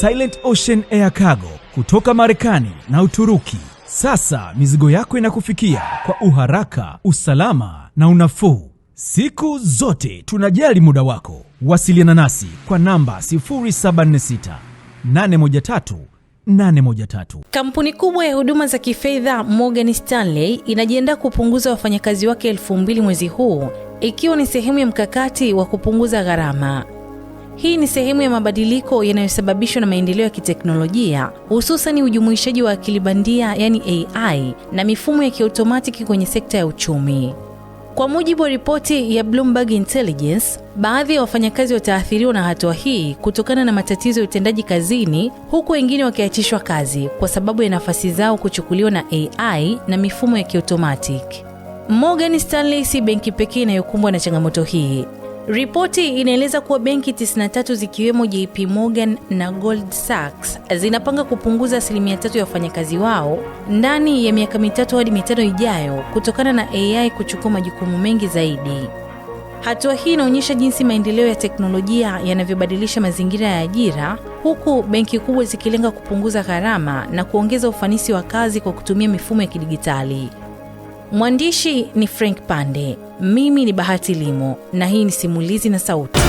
Silent Ocean Air Cargo kutoka Marekani na Uturuki. Sasa mizigo yako inakufikia kwa uharaka, usalama na unafuu. Siku zote tunajali muda wako. Wasiliana nasi kwa namba 076 813 813. Kampuni kubwa ya huduma za kifedha Morgan Stanley inajiandaa kupunguza wafanyakazi wake elfu mbili mwezi huu ikiwa ni sehemu ya mkakati wa kupunguza gharama. Hii ni sehemu ya mabadiliko yanayosababishwa na maendeleo ya kiteknolojia, hususan ujumuishaji wa akili bandia, yani AI, na mifumo ya kiotomatiki kwenye sekta ya uchumi. Kwa mujibu wa ripoti ya Bloomberg Intelligence, baadhi ya wafanyakazi wataathiriwa na hatua hii kutokana na matatizo ya utendaji kazini, huku wengine wakiachishwa kazi kwa sababu ya nafasi zao kuchukuliwa na AI na mifumo ya kiotomatiki. Morgan Stanley si benki pekee inayokumbwa na changamoto hii. Ripoti inaeleza kuwa benki 93 zikiwemo JP Morgan na Gold Sachs zinapanga kupunguza asilimia tatu ya wafanyakazi wao ndani ya miaka mitatu hadi mitano ijayo kutokana na AI kuchukua majukumu mengi zaidi. Hatua hii inaonyesha jinsi maendeleo ya teknolojia yanavyobadilisha mazingira ya ajira, huku benki kubwa zikilenga kupunguza gharama na kuongeza ufanisi wa kazi kwa kutumia mifumo ya kidigitali. Mwandishi ni Frank Pande, mimi ni Bahati Limo na hii ni Simulizi na Sauti.